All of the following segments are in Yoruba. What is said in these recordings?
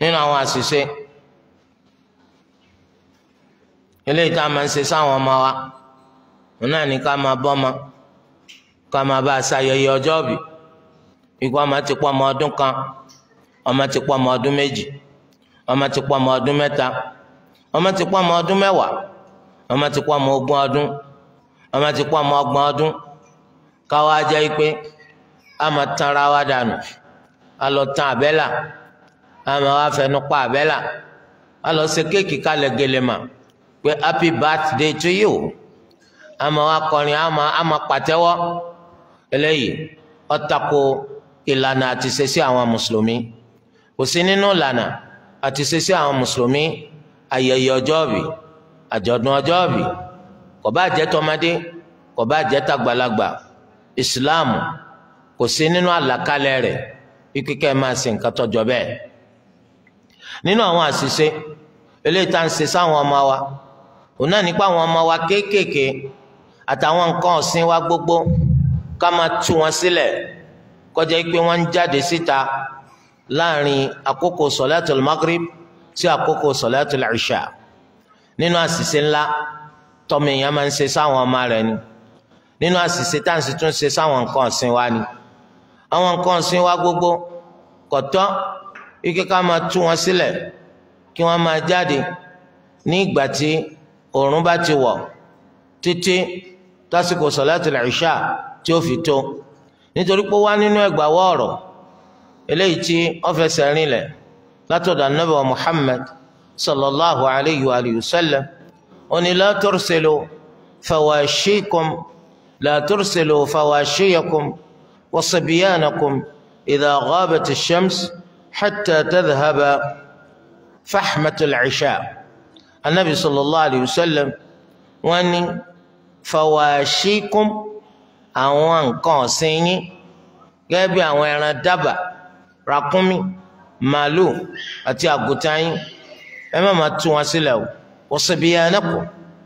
nínú àwọn àṣìṣe eléyìí tá a máa ń ṣe sáwọn ọmọ wa òun náà ní ká máa bọ́mọ ká máa bá a ṣayẹyẹ ọjọ́ ìbí ikú ọmọ ti pọ́ ọmọ ọdún kan ọmọ ti pọ́ ọmọ ọdún méjì ọmọ ti pọ́ ọmọ ọdún mẹ́ta ọmọ ti pọ́ ọmọ ọdún mẹ́wàá ọmọ ti pọ́ ọmọ ogún ọdún ọmọ ti pọ́ ọmọ ọgbọ̀n ọdún káwa jẹ́ pé a máa tanra wa dànù a lọ tan àbẹ́là àmọ́ wa fẹnu pa àbẹ́là a lọ ṣe kéèkì kalẹ̀ gèlè mà pé happy birthday to you àmọ́ wa kọrin àmọ́ àmọ́ pàtẹ́wọ́ eléyìí ó tako ìlànà àti ṣeṣe àwọn mùsùlùmí kò sí nínú ìlànà àti ṣeṣe àwọn mùsùlùmí ayẹyẹ ọjọ́ọ̀bì àjọ̀dún ọjọ́ọ̀bì kò bá jẹ́ tọmọdé kò bá jẹ́ tàgbàlagbà ìsìláàmù kò sí nínú àlàkalẹ̀ rẹ̀ kíkẹ́ máa ṣe nǹkan tọ́jọ́ bẹ́ẹ̀ nínú àwọn àṣìṣe eléyìí tá à ń ṣe sáwọn ọmọ wa òun náà nípa àwọn ọmọ wa kéékèèké àtàwọn nǹkan ọ̀sìn wa gbogbo ká máa tú wọn sílẹ̀ kọjá pé wọ́n ń jáde síta láàrin àkókò sọ̀látùl magrib sí àkókò sọ̀látùl ìṣà nínú àṣìṣe ńlá tọmọ èèyàn máa ń ṣe sáwọn ọmọ rẹ̀ ni nínú àṣìṣe tá à ń ṣe tún ṣe sáwọn nǹkan ọ̀sìn wa ni àwọn nǹkan ọ̀sìn wa gbogbo kò kíkẹ́ ká máa tú wọn sílẹ̀ kí wọ́n máa jáde ní ìgbà tí òòrùn bá ti wọ̀ títí tásìkò sọ̀láàtì ìṣà tí ó fi tó nítorí pé wá nínú ẹgbàáwọ̀ ọ̀rọ̀ eléyìí tí ó fẹsẹ̀ rinlẹ̀ látọ̀dọ̀ anábì wa Muhammad sallallahu alayhi wa sallam ó ní la tursilu fawashikum la tursilu fawashiyakum shams hatta tadhhaba fahmatul isha anabi sallallahu alayhi wa sallam wọ́n ní fawashikum àwọn nǹkan ọ̀sìn yín gẹ́gẹ́ bí àwọn ẹran dábà ràkúnmí màálùú àti àgùntàn yín ẹ má máa tú wọn sílẹ̀ o wasibiyanakum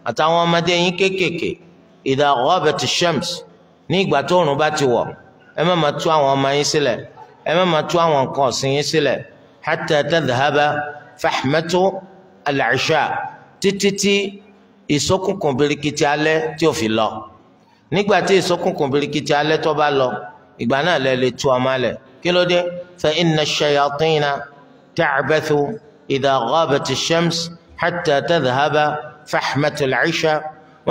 àtàwọn ọmọdé yín kéékèèké idha ghabat ash-shams ní ìgbà tó òòrùn bá ti wọ̀ ẹ má máa tú àwọn ọmọ yín sílẹ̀ ẹ má máa tú àwọn nǹkan ọ̀sìn yín sílẹ̀ hatta tadhhaba fahmatu al-isha títí tí ìsọkùnkùn birikiti alẹ́ tí ò fi lọ nígbà tí ìsọkùnkùn birikiti alẹ́ tó bá lọ ìgbà náà lẹ lè tú ọmọ alẹ̀ kí ló dé fa inna ash-shayatina ta'bathu shams hatta tadhhaba fahmatu al-isha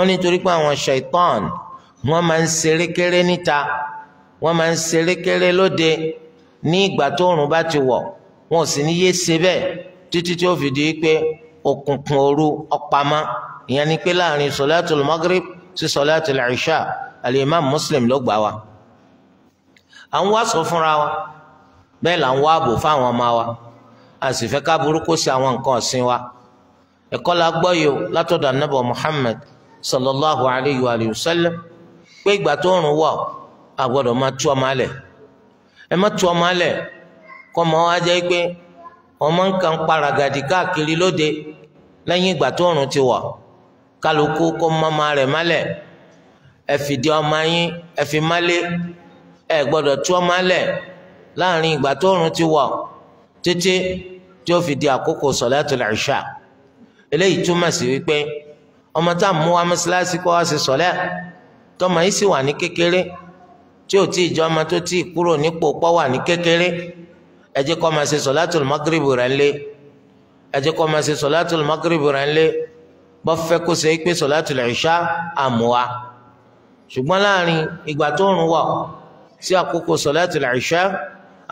nítorí pé àwọn ṣaitan wọ́n máa ń ṣerékeré níta wọ́n máa ń ṣerékeré lóde ní ìgbà tó òrùn bá ti wọ̀ wọn ò sì ní yé ṣe bẹ́ẹ̀ títí tí ó fi di pé òkùnkùn òru ọ̀pamọ́ ìyẹn ni pé láàrin sọláàtúl magrib sí sọláàtúl ìṣá al-imam muslim ló gbà wá. à ń wá sọ fúnra wa bẹ́ẹ̀ là ń wá ààbò fáwọn ọmọ wa a sì fẹ́ ká burúkú sí àwọn nǹkan ọ̀sìn wa ẹ̀kọ́ la gbọ́ yìí o látọ̀dọ̀ anábọ̀ muhammad sallallahu alayhi wa sallam pé ìgbà tó òrùn wọ̀ a máa tú ọmọ alẹ̀ ẹ má tu ọmọ alẹ̀ kọ́ ọmọ wa jẹ́ pé ọmọ nǹkan paragàdì káàkiri lóde lẹ́yìn ìgbà tó ọ̀run ti wọ̀ kálukú kó mọ́mọ́ rẹ̀ mọ́lẹ̀ ẹ fìdí ọmọ yín ẹ fi mọ́lé ẹ gbọ́dọ̀ tú ọmọ alẹ̀ láàrin ìgbà tó ọ̀run ti wọ̀ títí tí ó fi di àkókò sọ̀lẹ́tul ìṣà eléyìí túmọ̀ sí wípé ọmọ tá a mú wa mọ́sálásí kó wá sí sọ̀lẹ́ tọmọ yìí sì wà ní kékeré tí ò tí ì jọ ọmọ tó tí ì kúrò nípò pọ́ wà ní kékeré ẹ jẹ́ kó máa ṣe sọ̀látùl magrib rẹ̀ ń lé ẹ jẹ́ kó máa ṣe sọ̀látùl magrib rẹ̀ ń lé bọ́ fẹ́ kó ṣe pé sọ̀látùl ìṣá àmúwa ṣùgbọ́n láàrin ìgbà tó ń wọ̀ sí àkókò sọ̀látùl ìṣá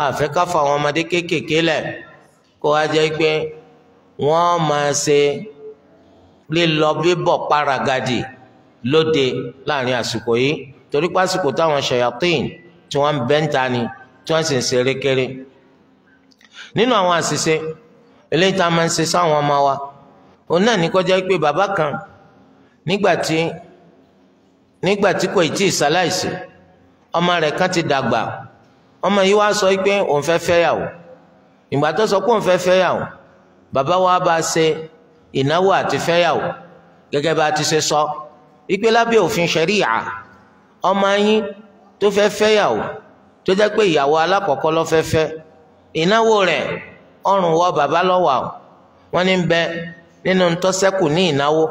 àfẹ́ ká àwọn ọmọdé kéékèèké lẹ̀ kó wá jẹ́ pé wọ́n máa ṣe lílọ bíbọ̀ páragàdì lóde láàrin àsìkò yìí torí pásìkò táwọn ṣayatin tí wọ́n ń bẹ́ńta ni tí wọ́n sì ń ṣeré nínú àwọn àṣìṣe eléyìí tá a máa ń ṣe sáwọn ọmọ wa òun náà ní kọjá pé bàbá kan nígbà tí nígbà tí kò tí ì ṣaláìsí ọmọ rẹ̀ kan ti dàgbà ọmọ yìí wá sọ pé òun fẹ́ fẹ́yàwó ìgbà tó sọ pé òun fẹ́ fẹ́yàwó bàbá wa bá ṣe ìnáwó àti fẹ́yàwó gẹ́gẹ́ bá a ti ṣe sọ ìpè lábẹ́ òfin ṣẹ̀ríyà ọmọ yín tó fẹ́ fẹ́yàwó tó jẹ́ pé ìyàwó alákọ̀ọ́kọ́ ló fẹ́ fẹ́ ìnáwó rẹ̀ ọrùn wọ bàbá lọ́wọ́ àwọn wọ́n ní bẹ nínú ntọ́sẹ́kù ní ìnáwó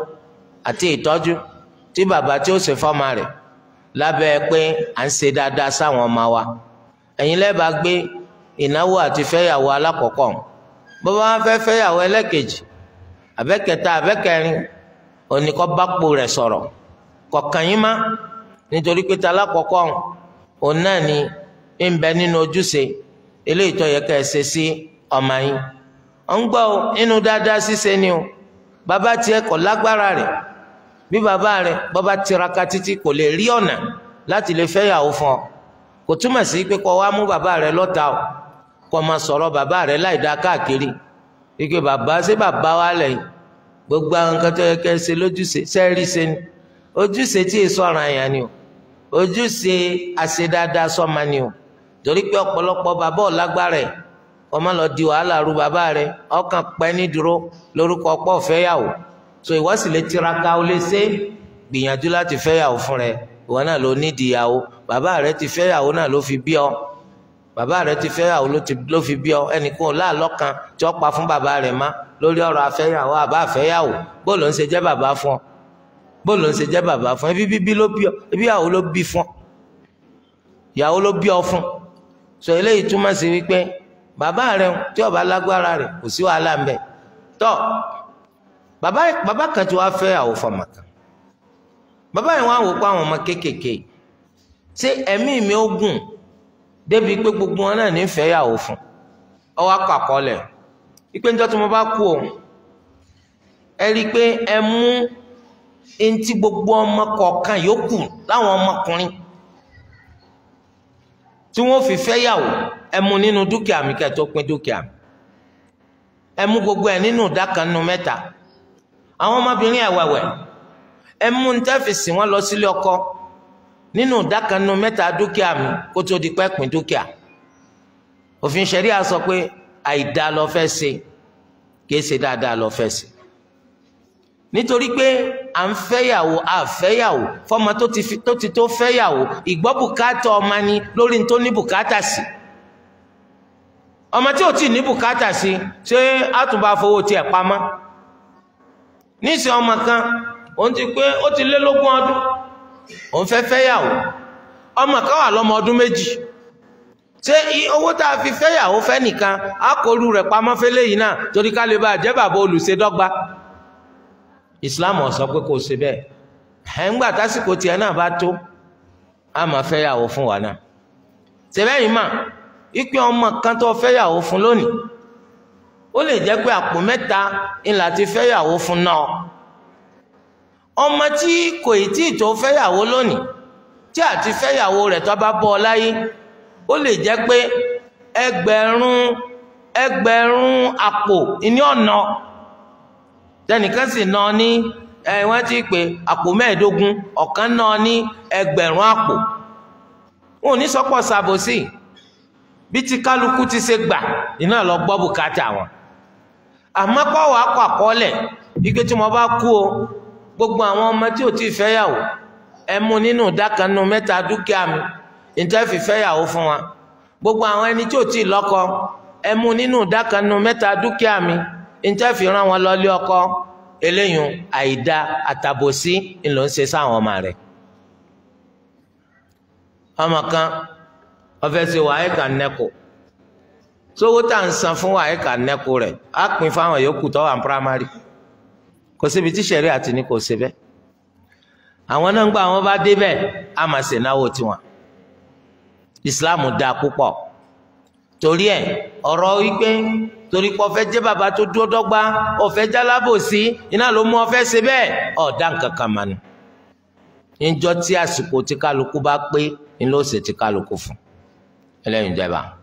àti ìtọ́jú tí bàbá tí ó ṣe fọ́mọ rẹ̀ lábẹ́ pé à ń ṣe dáadáa sáwọn ọmọ wa ẹ̀yin lẹ́ẹ̀bà gbé ìnáwó àti fẹ́yàwó alákọ̀ọ́kọ́ bọ́bá wọn fẹ́ fẹ́yàwó ẹlẹ́kejì àbẹ́kẹta àbẹ́kẹrin òní kọ́ bá po rẹ̀ sọ̀rọ̀ kọ̀ọ̀kan má nítorí pé ta lákọ̀ọ́kọ́ òun náà ni ń bẹ nínú ojúṣe eléyìí tó yẹ ká ẹ ṣe sí ọmọ yín ọ ń gbọ́ inú dáadáa ṣíṣe ni o bàbá tiẹ̀ kò lágbára rẹ̀ bí bàbá rẹ̀ bàbá tiraka títí kò lè rí ọ̀nà láti lè fẹ́ yàwó fún ọ kò túmọ̀ sí pé kó wá mú bàbá rẹ̀ lọ́ta o kó máa sọ̀rọ̀ bàbá rẹ̀ láì dá káàkiri ike bàbá ṣé bàbá wa lẹ́yìn gbogbo àwọn nǹkan tó yẹ ká ẹ ṣe lójúṣe ṣẹ́ẹ́rí ṣe ni ojúṣe tí èso ọ̀ràn àyàn ni o ojúṣe àṣedáadáa sọmani o torí pé ọ̀pọ̀lọpọ̀ bàbá ọ̀lágbára ẹ̀ ọmọ lọ di wàhálà ru bàbá rẹ̀ ọkàn pẹ́ ní dúró lórúkọ ọ̀pọ̀ fẹ́yàwó so ìwọ sì lè tiraka o lè ṣe gbìyànjú láti fẹ́yàwó fún rẹ ìwọ náà ló nídìí ìyàwó bàbá rẹ ti fẹ́yàwó náà ló fi bí ọ bàbá rẹ ti fẹ́yàwó ló fi bí ọ ẹnìkan ò láàlọ́kan tí ó pa fún bàbá rẹ̀ má lórí ọ̀rọ̀ afẹ́yàwó àbá afẹ́yàwó bó ló ń ṣe jẹ́ bàbá fún ọ bóòlù ń ṣe jẹ́ bàbá fún ẹbí bíbí ló bí ọ ẹbí ìyàwó ló bí fún ìyàwó ló bí ọ fún sọ eléyìí túmọ̀ sí wípé bàbá rẹ tí ó bá lágbára rẹ kò sí wàhálà ń bẹ tọ bàbá bàbá kan tí wàá fẹ́ àwọn fọmọ kan bàbá yẹn wàá wò pé àwọn ọmọ kéékèèké ṣé ẹ̀mí mi ó gùn débi pé gbogbo wọn náà nífẹ̀ẹ́ yàwó fún ọwọ́ akọ àkọọ́lẹ̀ ìpéjọ tí mo bá kú òun ẹ rí i pé ẹ mú eŋti gbogbo ọmọ kọ̀ọ̀kan yòókù láwọn ọmọkùnrin tí wọ́n fi fẹ́ yàwó ẹ mú nínú dúkìá mi kẹ́ tó pín dúkìá mi ẹ mú gbogbo ẹ nínú ìdá kan nínú mẹ́ta àwọn ọmọbìnrin ẹ̀wẹ̀wẹ̀ ẹ mú ntẹ́fìsì wọn lọ sílé ọkọ nínú ìdá kan nínú mẹ́ta dúkìá mi kó tó di pẹ́ pín dúkìá òfin ṣẹ̀ríà sọ pé àìdá lọ fẹ́ ṣe kìí ṣe dáadáa lọ fẹ́ ṣe nítorí pé à ń fẹ́yàwó à fẹ́yàwó fọmọ tó ti tó fẹ́yàwó ìgbọ́ bùkátà ọmọ ni lórí tó ní bùkátà sí ọmọ tí ò tí ní bùkátà sí ṣé àtúbà fowó tiẹ̀ pamọ́ níṣẹ́ ọmọ kan òun ti pé ó ti lé lógún ọdún òun fẹ́ fẹ́yàwó ọmọ kan wà lọ́mọ ọdún méjì ṣé owó tá a fi fẹ́yàwó fẹ́ nìkan á rẹ̀ pamọ́ fẹ́lẹ́ yìí náà torí ká lè bá jẹ́ bàbá olùṣèdọ́gba islam ò sọ pé kò ṣe bẹ́ẹ̀ ẹ̀ ń gbà tásìkò tiẹ̀ náà bá tó a máa fẹ́ yàwó fún wa náà tẹ́lẹ̀yìn mà ìpè ọmọ kan tó fẹ́ yàwó fún lónìí ó lè jẹ́ pé àpò mẹ́ta ńlá ti fẹ́ yàwó fún náà ọmọ tí kò ì tí ì tó fẹ́ yàwó lónìí tí àti fẹ́ yàwó rẹ̀ tó bá bọ́ ọ láyé ó lè jẹ́ pé ẹgbẹ̀rún ẹgbẹ̀rún àpò ìní ọ̀nà. tẹnìkan sì ná ọ ní ẹ wọ́n ti pè àpò mẹ́ẹ̀ẹ́dógún ọ̀kan ná ọ ní ẹgbẹ̀rún àpò wọn ò ní sọ́pọ̀ ṣàbòsí bí ti kálukú ti ṣe gbà iná lọ gbọ́ bùkátà wọn àmọ́ kọ́ wàá kọ́ àkọọ́lẹ̀ ike tí mo bá kú o gbogbo àwọn ọmọ tí ò tí ì fẹ́yàwó ẹ mú nínú ìdákanu mẹ́ta dúkìá mi níta fi fẹ́yàwó fún wa gbogbo àwọn ẹni tí ò tí ì ẹ mú nínú ìdákanu mẹ́ta dúkìá mi njẹ́ fi rán wọn lọ lé ọkọ eléyìí àìda àtàbòsí ńlọ ń ṣe sáwọn ọmọ rẹ̀ ọmọ kan ọfẹ ṣe wàhíkà nẹkù sówó tá à ń san fún wàhíkà nẹkù rẹ̀ á pín fáwọn yòókù tó wà ní primary kò síbi tí àti ní kò ṣe àwọn náà ń gbà wọn bá débẹ̀ á máa ṣe náwó tiwọn Islam dáa púpọ̀ torí ẹ ọ̀rọ̀ wípé torí pé ọfẹ jẹ bàbá tó dúró dọ́gba ọfẹ jálábòsí iná ló mú ọfẹ ṣe bẹ́ẹ̀ ọdá nǹkan kan mà ní. níjọ́ tí àsìkò tí kálukú bá pé ńlọ ṣe tí kálukú fún ẹlẹ́yìn ìjẹba.